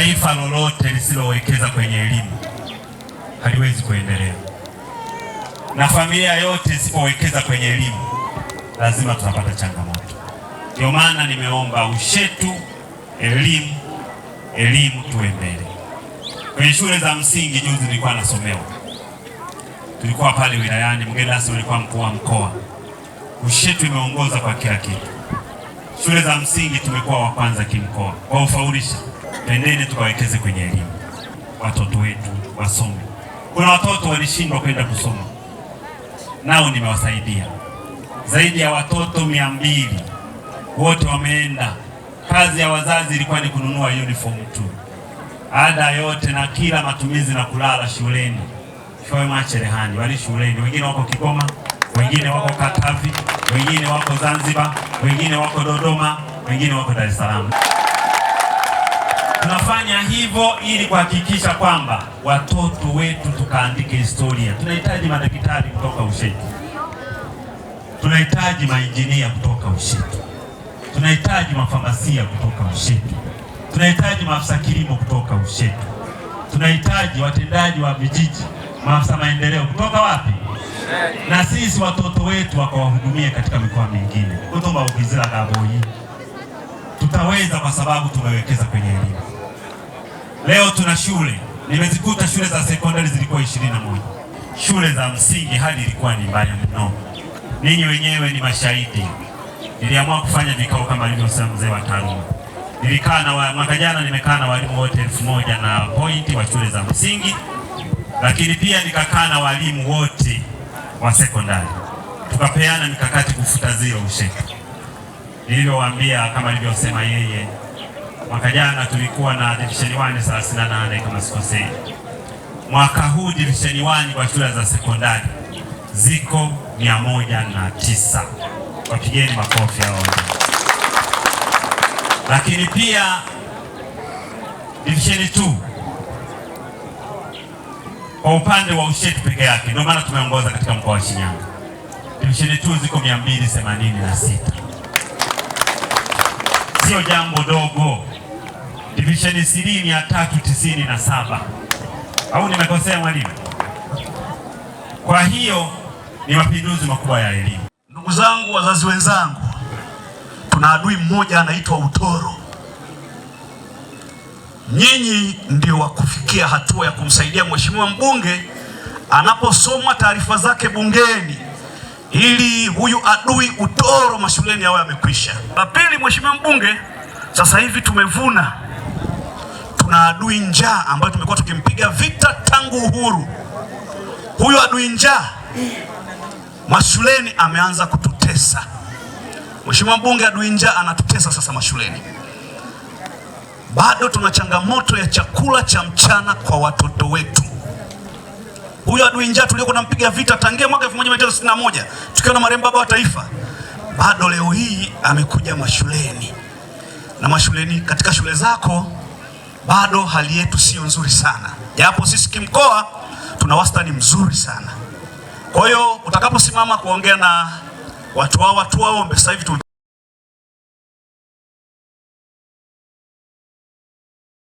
taifa lolote lisilowekeza kwenye elimu haliwezi kuendelea, na familia yote isipowekeza kwenye elimu lazima tutapata changamoto. Ndio maana nimeomba Ushetu, elimu elimu, tuwe mbele kwenye shule za msingi. Juzi nilikuwa nasomewa, tulikuwa pale wilayani, mgeni ulikuwa mkuu wa mkoa. Ushetu imeongoza kwa kila kitu. Shule za msingi tumekuwa wa kwanza kimkoa kwa ufaulisha Twendeni tukawekeze kwenye elimu, watoto wetu wasome. Kuna watoto walishindwa kwenda kusoma, nao nimewasaidia zaidi ya watoto mia mbili, wote wameenda. Kazi ya wazazi ilikuwa ni kununua uniform tu, ada yote na kila matumizi na kulala shuleni. Machelehani wali shuleni, wengine wako Kigoma, wengine wako Katavi, wengine wako Zanzibar, wengine wako Dodoma, wengine wako Dar es Salaam. Tunafanya hivyo ili kuhakikisha kwamba watoto wetu tukaandike historia. Tunahitaji madaktari kutoka Ushetu, tunahitaji mainjinia kutoka Ushetu, tunahitaji mafamasia kutoka Ushetu, tunahitaji maafisa kilimo kutoka Ushetu, tunahitaji watendaji wa vijiji, maafisa maendeleo kutoka wapi? Na sisi watoto wetu wakawahudumia katika mikoa mingine kutomba gaboi tutaweza kwa sababu tumewekeza kwenye elimu. Leo tuna shule, nimezikuta shule za sekondari zilikuwa ishirini na moja, shule za msingi hadi ilikuwa ni mbaya mno. Ninyi wenyewe ni mashahidi. Niliamua kufanya vikao kama alivyosema mzee wa taaluma. Nilikaa na mwaka jana, nimekaa na walimu wote elfu moja na pointi wa shule za msingi, lakini pia nikakaa na walimu wote wa sekondari, tukapeana mikakati kufuta zero usheka nilivyowaambia kama alivyosema yeye, mwaka jana tulikuwa na division 1 38 kama sikosei. Mwaka huu division 1 kwa shule za sekondari ziko 109. Wapigeni makofi hao. Lakini pia division 2 kwa upande wa Ushetu peke yake, ndio maana tumeongoza katika mkoa wa Shinyanga. Divisheni 2 ziko 286 sio jambo dogo. Divisheni C mia tatu tisini na saba au nimekosea mwalimu? Kwa hiyo ni mapinduzi makubwa ya elimu. Ndugu zangu, wazazi wenzangu, tuna adui mmoja anaitwa utoro. Nyinyi ndio wa kufikia hatua ya kumsaidia mheshimiwa mbunge anaposomwa taarifa zake bungeni ili huyu adui utoro mashuleni yao yamekwisha. La pili, mheshimiwa mbunge, sasa hivi tumevuna, tuna adui njaa ambayo tumekuwa tukimpiga vita tangu uhuru. Huyu adui njaa mashuleni ameanza kututesa. Mheshimiwa mbunge, adui njaa anatutesa sasa mashuleni. Bado tuna changamoto ya chakula cha mchana kwa watoto wetu huyo adui njaa tuliokuwa tunampiga vita tangia mwaka 1961 tukiwa na marehemu baba wa taifa, bado leo hii amekuja mashuleni na mashuleni, katika shule zako bado hali yetu sio nzuri sana, japo sisi kimkoa tuna wastani mzuri sana. Kwa hiyo utakaposimama kuongea na watu wao watu wao sasa hivi